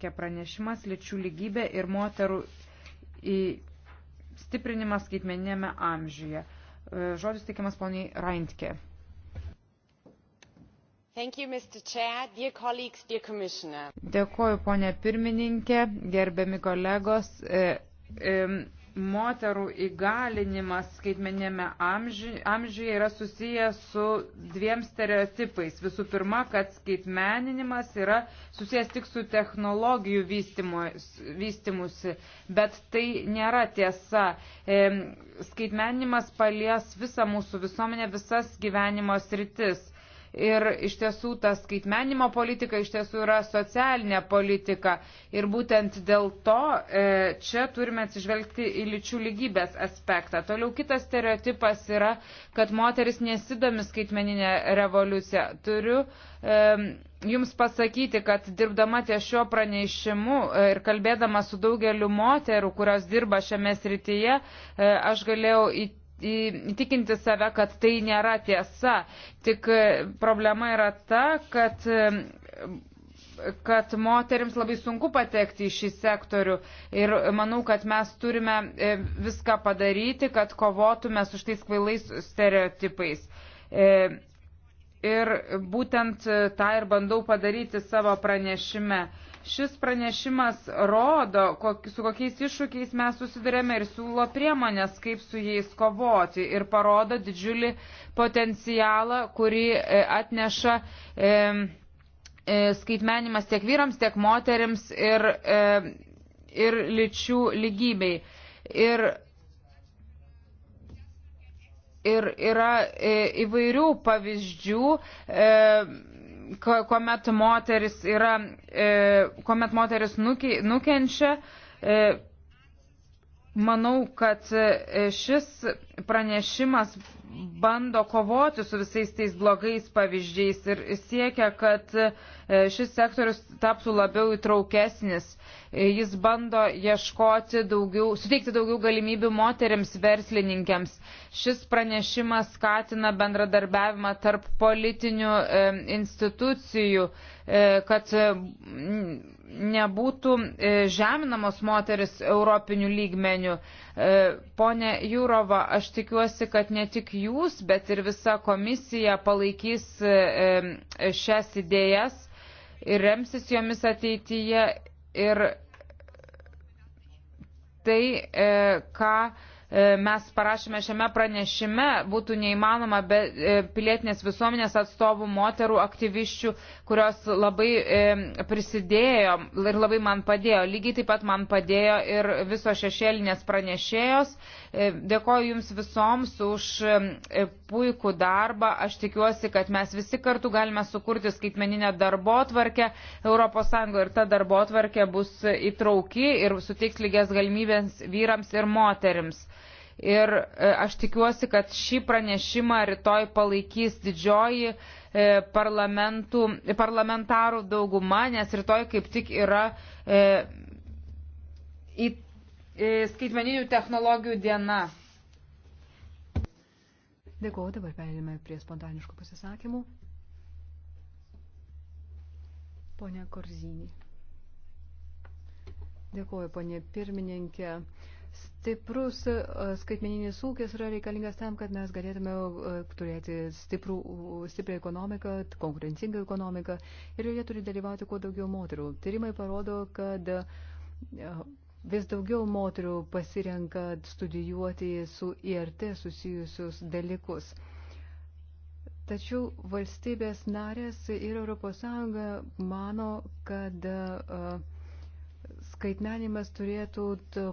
Kia pranešimas lyčių lygybė ir moterų stiprinimas skaitmeninėme amžiuje. E, žodis teikiamas poniai Raintke. You, Mr. Chair, dear colleagues, dear Commissioner. Dėkuoju, ponė pirmininkė, gerbiami kolegos. E, e, moterų įgalinimas skaitmenėme amžiuje yra susijęs su dviem stereotipais. Visų pirma, kad skaitmeninimas yra susijęs tik su technologijų vystimusi, bet tai nėra tiesa. Skaitmeninimas palies visą mūsų visuomenę, visas gyvenimo sritis ir iš tiesų ta skaitmenimo politika iš tiesų yra socialinė politika. Ir būtent dėl to e, čia turime atsižvelgti į lyčių lygybės aspektą. Toliau kitas stereotipas yra, kad moteris nesidomi skaitmeninė revoliucija. Turiu e, Jums pasakyti, kad dirbdama ties šio pranešimu e, ir kalbėdama su daugeliu moterų, kurios dirba šiame srityje, e, aš galėjau įtikinti įtikinti save, kad tai nėra tiesa. Tik e, problema yra ta, kad e, kad moteriams labai sunku patekti į šį sektorių ir manau, kad mes turime e, viską padaryti, kad kovotume su šitais kvailais stereotipais. Ir būtent tą ir bandau padaryti savo pranešime. Šis pranešimas rodo, kok, su kokiais iššūkiais mes susidurėme ir siūlo priemonės, kaip su jais kovoti ir parodo didžiulį potencialą, kurį e, atneša e, e, skaitmenimas tiek vyrams, tiek moteriams ir, e, ir lyčių lygybei. Ir ir yra e, įvairių pavyzdžių e, kuomet moteris, yra, e, kuomet moteris nukenčia, e, Manau, kad e, šis pranešimas bando kovoti su visais tais blogais pavyzdžiais ir siekia, kad e, šis sektorius taptų labiau įtraukesnis. E, jis bando ieškoti daugiau, suteikti daugiau galimybių moteriams verslininkėms. Šis pranešimas skatina bendradarbiavimą tarp politinių institucijų, kad nebūtų e, žeminamos moteris europinių lygmenių. E, pone Jūrova, aš tikiuosi, kad ne tik jūs, bet ir visa komisija palaikys e, šias idėjas ir remsis jomis ateityje. Ir tai, ką E, mes parašėme šiame pranešime, būtų neįmanoma be e, pilietinės visuomenės atstovų, moterų, aktyviščių, kurios labai e, prisidėjo ir labai man padėjo. Lygiai taip pat man padėjo ir visos šešėlinės pranešėjos. Dėkoju Jums visoms už puikų darbą. Aš tikiuosi, kad mes visi kartu galime sukurti skaitmeninę darbo tvarkę ES ir ta darbo tvarkė bus įtrauki ir suteiks lygias galimybės vyrams ir moterims. Ir e, aš tikiuosi, kad šį pranešimą rytoj palaikys didžioji e, parlamentarų dauguma, nes rytoj kaip tik yra e, į skaitmeninių technologijų diena. Dėkuoju, dabar perėmėme prie spontaniškų pasisakymų. Pone Korzinį. Dėkuoju, ponė pirmininkė. Stiprus e, skaitmeninis ūkis yra reikalingas tam, kad mes galėtume e, turėti stiprų, stiprią ekonomiką, konkurencingą ekonomiką ir joje turi dalyvauti kuo daugiau moterų. Tyrimai parodo, kad e, vis daugiau moterų pasirenka studijuoti su IRT susijusius dalykus. Tačiau valstybės narės ir ES mano, kad uh, skaitmenimas turėtų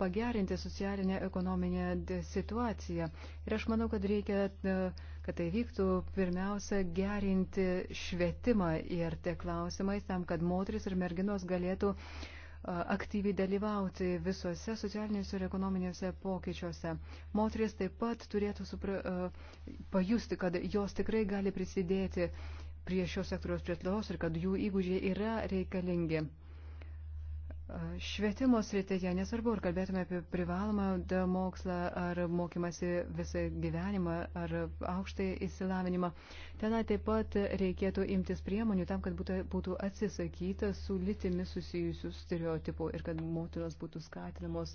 pagerinti socialinę ekonominę situaciją. Ir aš manau, kad reikia, e, kad tai vyktų pirmiausia gerinti švietimą ir te klausimais tam, kad moteris ir merginos galėtų e, aktyviai dalyvauti visuose socialiniuose ir ekonominėse pokyčiuose. Moteris taip pat turėtų supra, e, pajusti, kad jos tikrai gali prisidėti prie šios sektoriaus plėtros ir kad jų įgūdžiai yra reikalingi. Švietimo srityje, nesvarbu, ar kalbėtume apie privalomą mokslą, ar mokymasi visą gyvenimą, ar aukštą įsilavinimą, tenai taip pat reikėtų imtis priemonių tam, kad būtų, būtų atsisakyta su litimi susijusių stereotipų ir kad motinos būtų skatinamos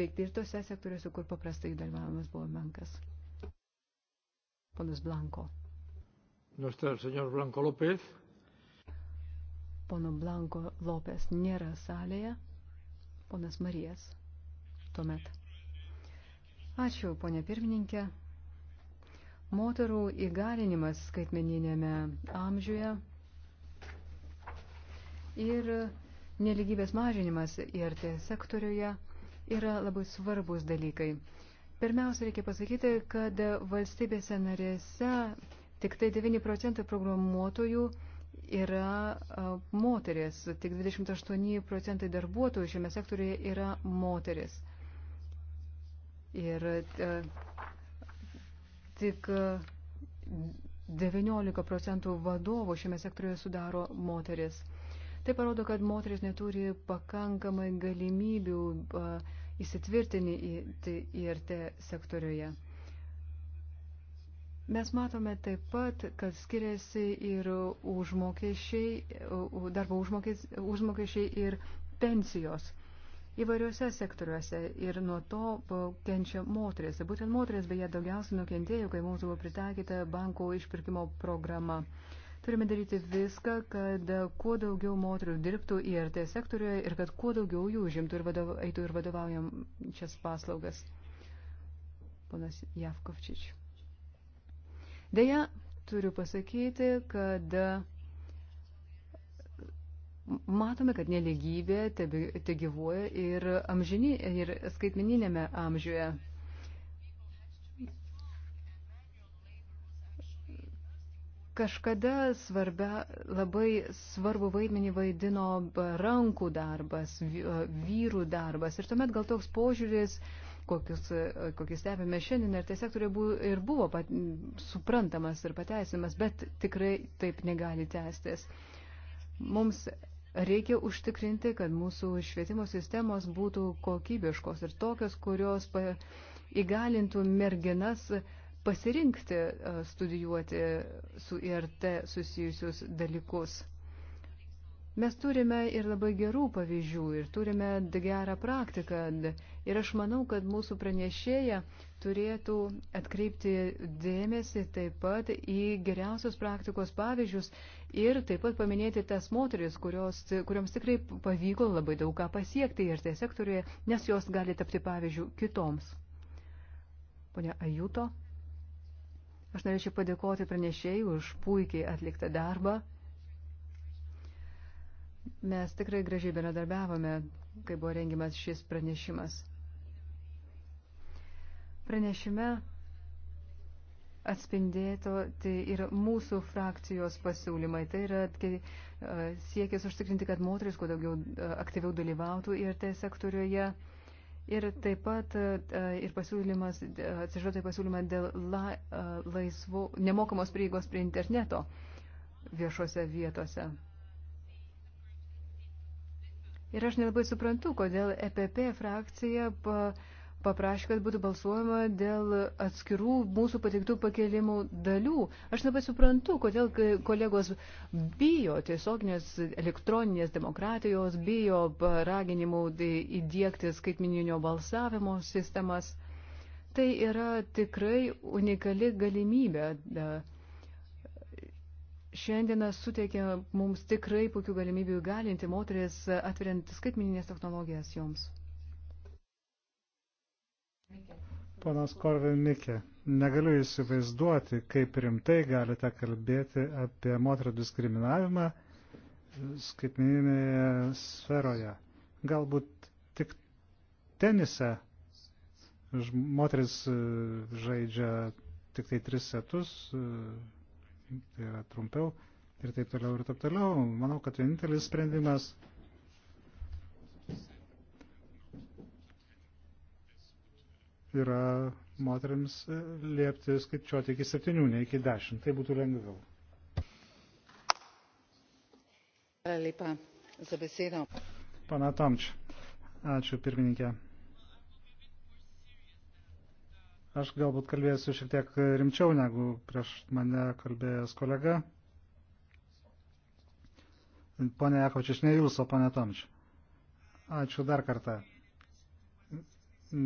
veikti ir tose sektoriuose, kur paprastai dalyvavimas buvo menkas. Ponas Blanko. No está el señor Blanco López. Pono Blanko Lopes nėra salėje. Ponas Marijas. Tuomet. Ačiū, ponė pirmininkė. Moterų įgalinimas skaitmeninėme amžiuje ir neligybės mažinimas IRT sektoriuje yra labai svarbus dalykai. Pirmiausia, reikia pasakyti, kad valstybėse narėse tik tai 9 procentai programuotojų yra moteris. Tik 28 procentai darbuotojų šiame sektorėje yra moteris. Ir tik 19 procentų vadovų šiame sektorėje sudaro moteris. Tai parodo, kad moteris neturi pakankamai galimybių įsitvirtinti IRT sektoriuje. Mes matome taip pat, kad skiriasi ir užmokesčiai, darbo užmokesčiai ir pensijos įvairiuose sektoriuose ir nuo to kenčia moteris. Būtent moteris beje daugiausiai nukentėjo, kai mums buvo pritaikyta bankų išpirkimo programa. Turime daryti viską, kad kuo daugiau moterių dirbtų IRT sektoriuje ir kad kuo daugiau jų žimtų ir vadov, eitų ir vadovaujam šias paslaugas. Ponas Javkovčičius. Deja, turiu pasakyti, kad matome, kad neligybė te gyvuoja ir, amžini, ir skaitmeninėme amžiuje. Kažkada svarbia, labai svarbu vaidmenį vaidino rankų darbas, vyrų darbas. Ir tuomet gal toks požiūris uh, kokius, kokius stebime šiandien, ir tiesiog turi būti ir buvo pat, suprantamas ir pateisimas, bet tikrai taip negali tęstis. Mums reikia užtikrinti, kad mūsų švietimo sistemos būtų kokybiškos ir tokios, kurios pa, įgalintų merginas pasirinkti studijuoti su IRT susijusius dalykus. Mes turime ir labai gerų pavyzdžių, ir turime gerą praktiką. Ir aš manau, kad mūsų pranešėja turėtų atkreipti dėmesį taip pat į geriausios praktikos pavyzdžius ir taip pat paminėti tas moteris, kurios, kurioms tikrai pavyko labai daug ką pasiekti ir tai sektoriuje, nes jos gali tapti pavyzdžių kitoms. Pone Ajuto, aš norėčiau padėkoti pranešėjai už puikiai atliktą darbą. Mes tikrai gražiai bendradarbiavome, kai buvo rengimas šis pranešimas. Pranešime atspindėto tai yra mūsų frakcijos pasiūlymai. Tai yra e, siekis užtikrinti, kad moteris kuo daugiau e, aktyviau dalyvautų ir tai sektoriuje. Ir taip pat e, ir pasiūlymas, atsižvelgti pasiūlymą dėl la, laisvų, nemokamos prieigos prie interneto viešose vietose. Ir aš nelabai suprantu, kodėl EPP frakcija paprašė, kad būtų balsuojama dėl atskirų mūsų pateiktų pakelimų dalių. Aš labai suprantu, kodėl kolegos bijo tiesioginės elektroninės demokratijos, bijo raginimų įdėkti skaitmininio balsavimo sistemas. Tai yra tikrai unikali galimybė. Da, šiandieną suteikia mums tikrai puikių galimybių įgalinti moteris, atveriant skaitmininės technologijas joms. Ponas Korvinikė, negaliu įsivaizduoti, kaip rimtai galite kalbėti apie moterų diskriminavimą skaitmininėje sferoje. Galbūt tik tenise moteris e, žaidžia tik tai tris setus, e, tai yra trumpiau ir taip toliau ir taip toliau. Manau, kad vienintelis sprendimas yra moteriams liepti skaičiuoti iki septynių, ne iki dešimt. Tai būtų lengviau. Hvala lepa za besedo. Pana Tomč, ačiū pirmininkė. Aš galbūt kalbėsiu šiek tiek rimčiau negu prieš mane kalbėjęs kolega. Pone Jakočiš, ne jūs, o pone Tomč. Ačiū dar kartą.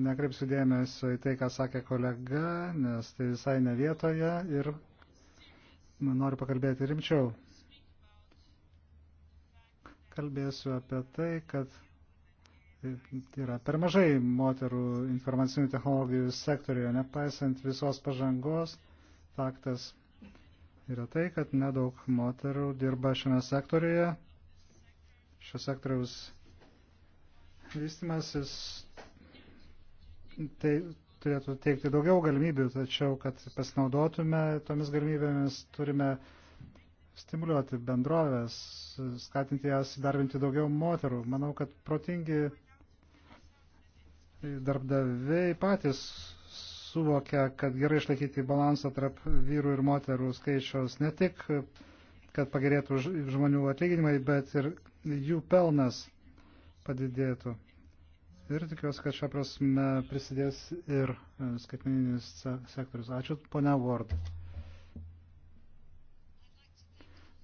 Nekreipsiu dėmesio į tai, ką sakė kolega, nes tai visai ne vietoje ir noriu pakalbėti rimčiau. Kalbėsiu apie tai, kad Tai yra per mažai moterų informacinių technologijų sektorijoje, nepaisant visos pažangos, faktas yra tai, kad nedaug moterų dirba šiame sektorijoje. Šio sektoriaus vystimasis tai turėtų teikti daugiau galimybių, tačiau, kad pasinaudotume tomis galimybėmis, turime stimuliuoti bendrovės, skatinti jas įdarbinti daugiau moterų. Manau, kad protingi Tai darbdaviai patys suvokia, kad gerai išlaikyti balansą tarp vyrų ir moterų skaičiaus ne tik, kad pagerėtų žmonių atlyginimai, bet ir jų pelnas padidėtų. Ir tikiuosi, kad šią prasme prisidės ir e, skaitmeninis sektorius. Ačiū, ponia Ward.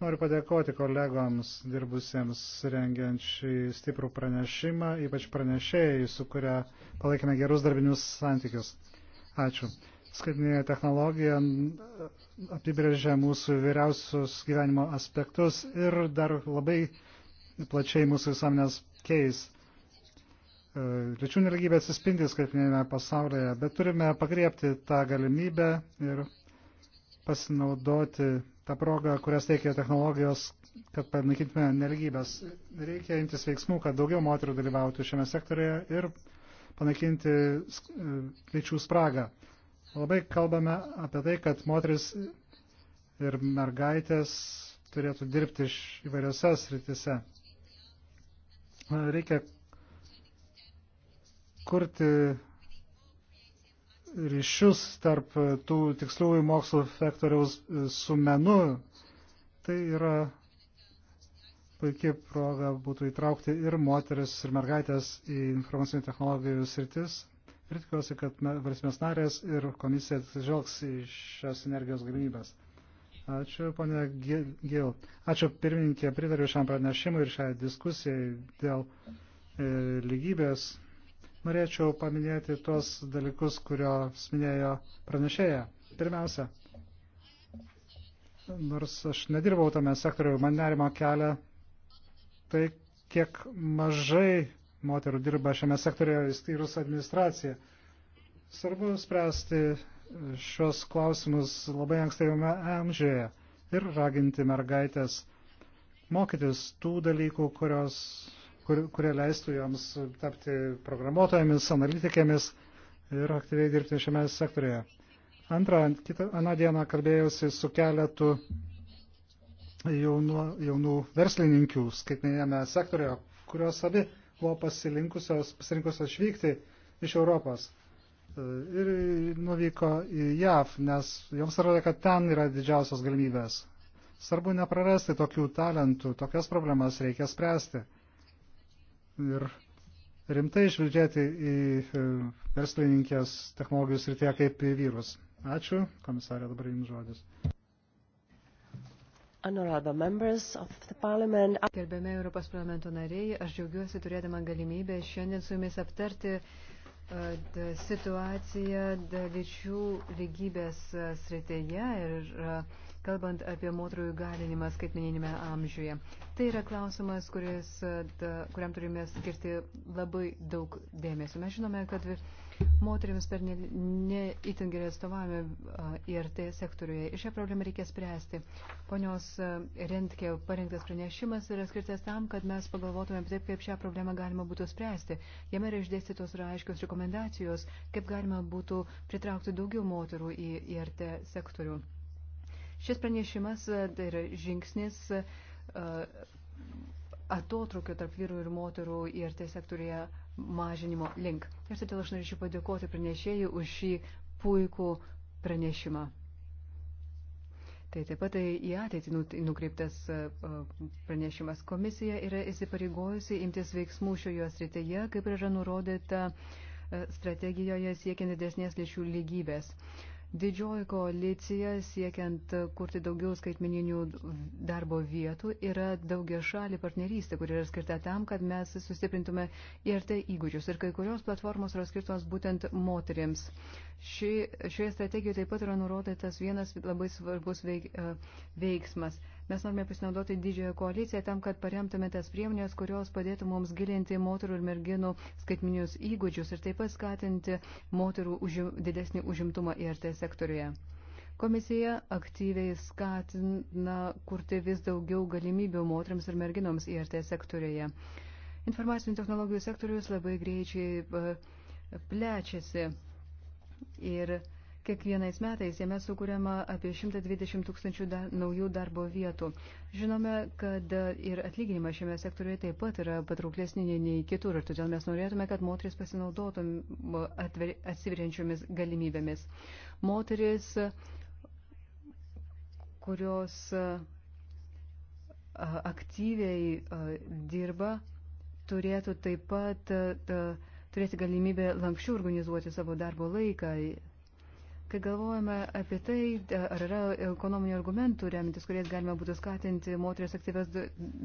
Noriu padėkoti kolegoms dirbusiems rengiant šį stiprų pranešimą, ypač pranešėjai, su kuria palaikėme gerus darbinius santykius. Ačiū. Skaitinė technologija apibrėžia mūsų vyriausius gyvenimo aspektus ir dar labai plačiai mūsų visuomenės keis. E, lyčių nelygybė atsispindi skaitinėme pasaulyje, bet turime pagriepti tą galimybę ir pasinaudoti tą progą, kurias teikia technologijos, kad panaikintume neligybės. Reikia imtis veiksmų, kad daugiau moterų dalyvautų šiame sektorėje ir panaikinti e, lyčių spragą. Labai kalbame apie tai, kad moteris ir mergaitės turėtų dirbti iš įvairiose sritise. Reikia kurti ryšius tarp tų tiksliųjų mokslo sektoriaus e, su menu, tai yra puikia proga būtų įtraukti ir moteris, ir mergaitės į informacinių technologijų sritis. Ir tikiuosi, kad valstybės narės ir komisija atsižvelgs į šias energijos galimybės. Ačiū, ponė Gil. Ačiū, pirmininkė, pritariu šiam pranešimui ir šiai diskusijai dėl e, lygybės. Norėčiau paminėti tuos dalykus, kurios minėjo pranešėja. Pirmiausia, nors aš nedirbau tame sektoriu, man nerimo kelia tai, kiek mažai moterų dirba šiame sektoriuje, įstyrus administraciją. Svarbu spręsti šios klausimus labai ankstyvame amžiuje ir raginti mergaitės mokytis tų dalykų, kurios kur, kurie leistų joms tapti programuotojomis, analitikėmis ir aktyviai dirbti šiame sektorėje. Antrą, kitą, aną dieną kalbėjausi su keletu jaunu, jaunų verslininkių skaitmenėme sektorėje, kurios abi buvo pasirinkusios, pasirinkusios išvykti iš Europos ir nuvyko į JAV, nes joms atrodo, kad ten yra didžiausios galimybės. Svarbu neprarasti tokių talentų, tokias problemas reikia spręsti ir rimtai žvelgėti į e, verslininkės technologijų srityje kaip į vyrus. Ačiū, komisarė, dabar jums žodis. Gerbėme Europos parlamento nariai, aš džiaugiuosi turėdama galimybę šiandien su jumis aptarti e, situaciją lyčių lygybės e, srityje ir kalbant apie moterų įgalinimą skaitmeninėme amžiuje. Tai yra klausimas, kuris, da, kuriam turime skirti labai daug dėmesio. Mes žinome, kad moteriams per neįtin ne gerai atstovavome IRT sektoriuje ir šią problemą reikia spręsti. Ponios Rentke parinktas pranešimas yra skirtas tam, kad mes pagalvotumėm taip, kaip šią problemą galima būtų spręsti. Jame yra išdėstytos ir aiškios rekomendacijos, kaip galima būtų pritraukti daugiau moterų į IRT sektorių. Šis pranešimas e, tai yra žingsnis e, atotrukio tarp vyrų ir moterų IRT sektorija mažinimo link. Ir todėl aš norėčiau padėkoti pranešėjai už šį puikų pranešimą. Tai taip pat tai į ateitį nu, nukreiptas e, pranešimas. Komisija yra įsipareigojusi imtis veiksmų šioje srityje, kaip yra nurodyta strategijoje siekiant didesnės lyčių lygybės. Didžioji koalicija siekiant kurti daugiau skaitmeninių darbo vietų yra daugia šalį partnerystė, kur yra skirta tam, kad mes sustiprintume ir tai įgūdžius. Ir kai kurios platformos yra skirtos būtent moteriams. Ši, šioje strategijoje taip pat yra nurodytas vienas labai svarbus veik, e, veiksmas. Mes norime pasinaudoti didžiojo koaliciją tam, kad paremtume tas priemonės, kurios padėtų mums gilinti moterų ir merginų skaitminius įgūdžius ir taip pat skatinti moterų užim, didesnį užimtumą IRT sektoriuje. Komisija aktyviai skatina kurti vis daugiau galimybių moteriams ir merginoms IRT sektoriuje. Informacinių technologijų sektorius labai greičiai e, plečiasi ir uh, Kiekvienais metais jame sukūriama apie 120 tūkstančių dar, naujų darbo vietų. Žinome, kad ir atlyginimas šiame sektoriuje taip pat yra patrauklesnė nei kitur ir todėl mes norėtume, kad moteris pasinaudotum atsiveriančiomis galimybėmis. Moteris, kurios aktyviai dirba, turėtų taip pat turėti galimybę lankščiau organizuoti savo darbo laiką Kai galvojame apie tai, e, ar yra ekonominių argumentų remintis, kuriais galima būtų skatinti moteris aktyvės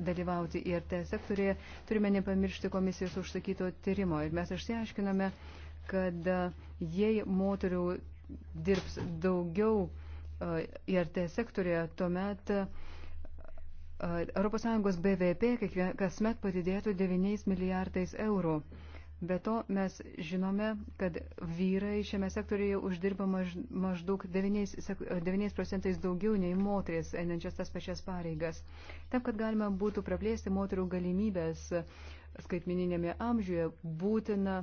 dalyvauti IRT sektorėje, turime nepamiršti komisijos užsakyto tyrimo. Ir mes išsiaiškiname, kad e, jei moterių dirbs daugiau IRT e, sektorėje, tuomet ES BVP kasmet padidėtų 9 milijardais eurų. Be to, mes žinome, kad vyrai šiame sektoriuje uždirba maž, maždaug 9, 9 procentais daugiau nei moteris, einančias tas pačias pareigas. Tam, kad galima būtų praplėsti moterų galimybės skaitmininėme amžiuje, būtina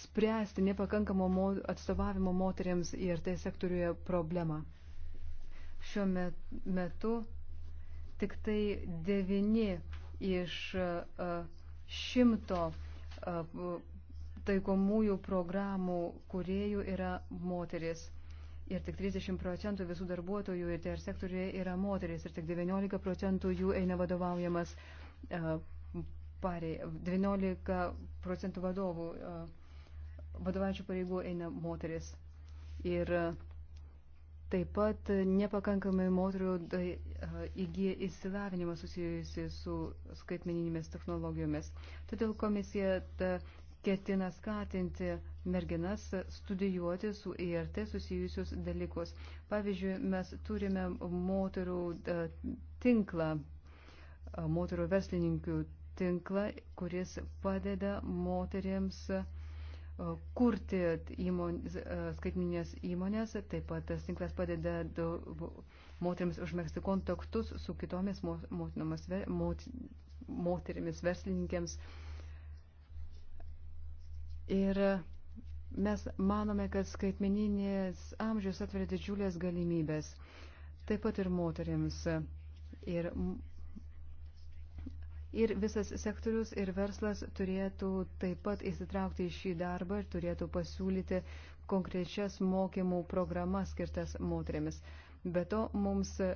spręsti nepakankamo mo, atstovavimo moteriams ir tai sektoriuje problemą. Šiuo metu tik tai 9 iš šimto uh, taikomųjų programų kuriejų yra moteris. Ir tik 30 procentų visų darbuotojų ir TR sektoriuje yra moteris. Ir tik 19 procentų jų eina vadovaujamas parei. 19 procentų vadovų vadovaujančių pareigų eina moteris. Ir uh, Taip pat nepakankamai moterų e, įgyja įsilavinimą susijusi su skaitmeninėmis technologijomis. Todėl komisija ketina skatinti merginas studijuoti su IRT e susijusius dalykus. Pavyzdžiui, mes turime moterų tinklą, moterų verslininkių tinklą, kuris padeda moteriams uh, E, kurti įmon, e, skaitminės įmonės, taip pat tas tinklas padeda moteriams užmėgsti kontaktus su kitomis moterimis verslininkėms. Ir mes manome, kad skaitmeninės amžius atveria didžiulės galimybės, taip pat ir moteriams. Ir Ir visas sektorius ir verslas turėtų taip pat įsitraukti į šį darbą ir turėtų pasiūlyti konkrečias mokymų programas skirtas moteriamis. Be to, mums e,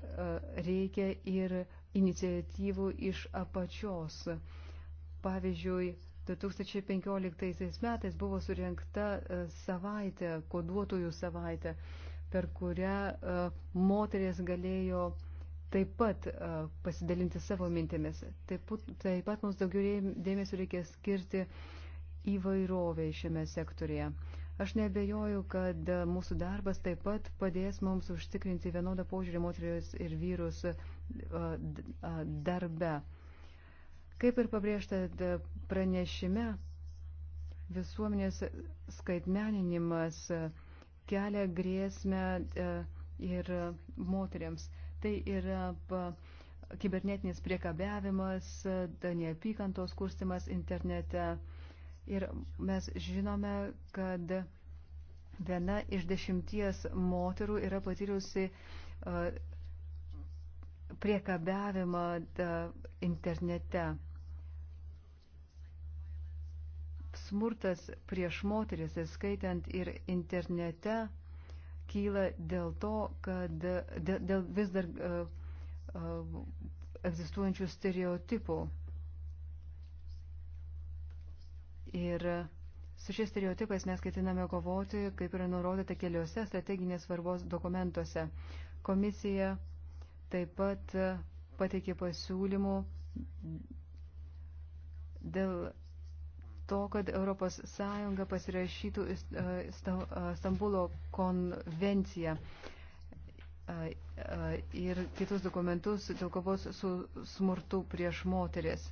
reikia ir iniciatyvų iš apačios. Pavyzdžiui, 2015 metais buvo surinkta e, savaitė, koduotojų savaitė, per kurią e, moteris galėjo uh, taip pat e, pasidalinti savo mintimis. Taip, taip pat mums daugiau dėmesio reikia skirti įvairoviai šiame sektorėje. Aš nebejoju, kad e, mūsų darbas taip pat padės mums užtikrinti vienodą požiūrį moteris ir vyrus e, darbe. Kaip ir pabrėžta pranešime, visuomenės skaitmeninimas kelia grėsmę ir moteriams. Tai yra kibernetinis priekabiavimas, neapykantos kurstimas internete. Ir mes žinome, kad viena iš dešimties moterų yra patyrusi priekabiavimą internete. Smurtas prieš moteris, skaitant ir internete, kyla dėl to, kad dėl, dėl vis dar uh, uh, egzistuojančių stereotipų. Ir su šiais stereotipais mes ketiname kovoti, kaip yra nurodyta keliose strateginės svarbos dokumentuose. Komisija taip pat pateikė pasiūlymų dėl to, kad ES pasirašytų e, e, Stambulo konvenciją e, ir kitus dokumentus dėl kovos su smurtu prieš moteris.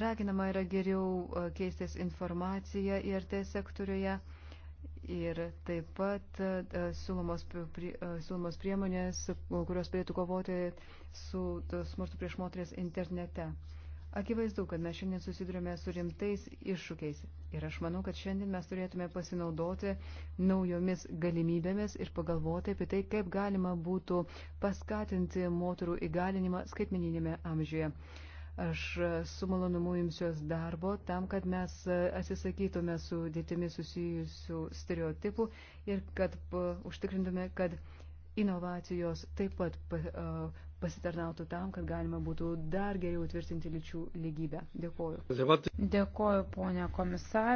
Raginama yra geriau keistis informaciją IRT sektoriuje ir taip pat siūlomos, siūlomos priemonės, kurios turėtų kovoti su smurtu prieš moteris internete. Akivaizdu, kad mes šiandien susidurime su rimtais iššūkiais ir aš manau, kad šiandien mes turėtume pasinaudoti naujomis galimybėmis ir pagalvoti apie tai, kaip galima būtų paskatinti moterų įgalinimą skaitmeninėme amžiuje. Aš su malonumu imsiuos darbo tam, kad mes atsisakytume su dėtimi susijusių stereotipų ir kad uh, užtikrintume, kad inovacijos taip pat uh, pasitarnautų tam, kad galima būtų dar geriau tvirtinti lyčių lygybę. Dėkoju. Dėkoju, ponia komisarė.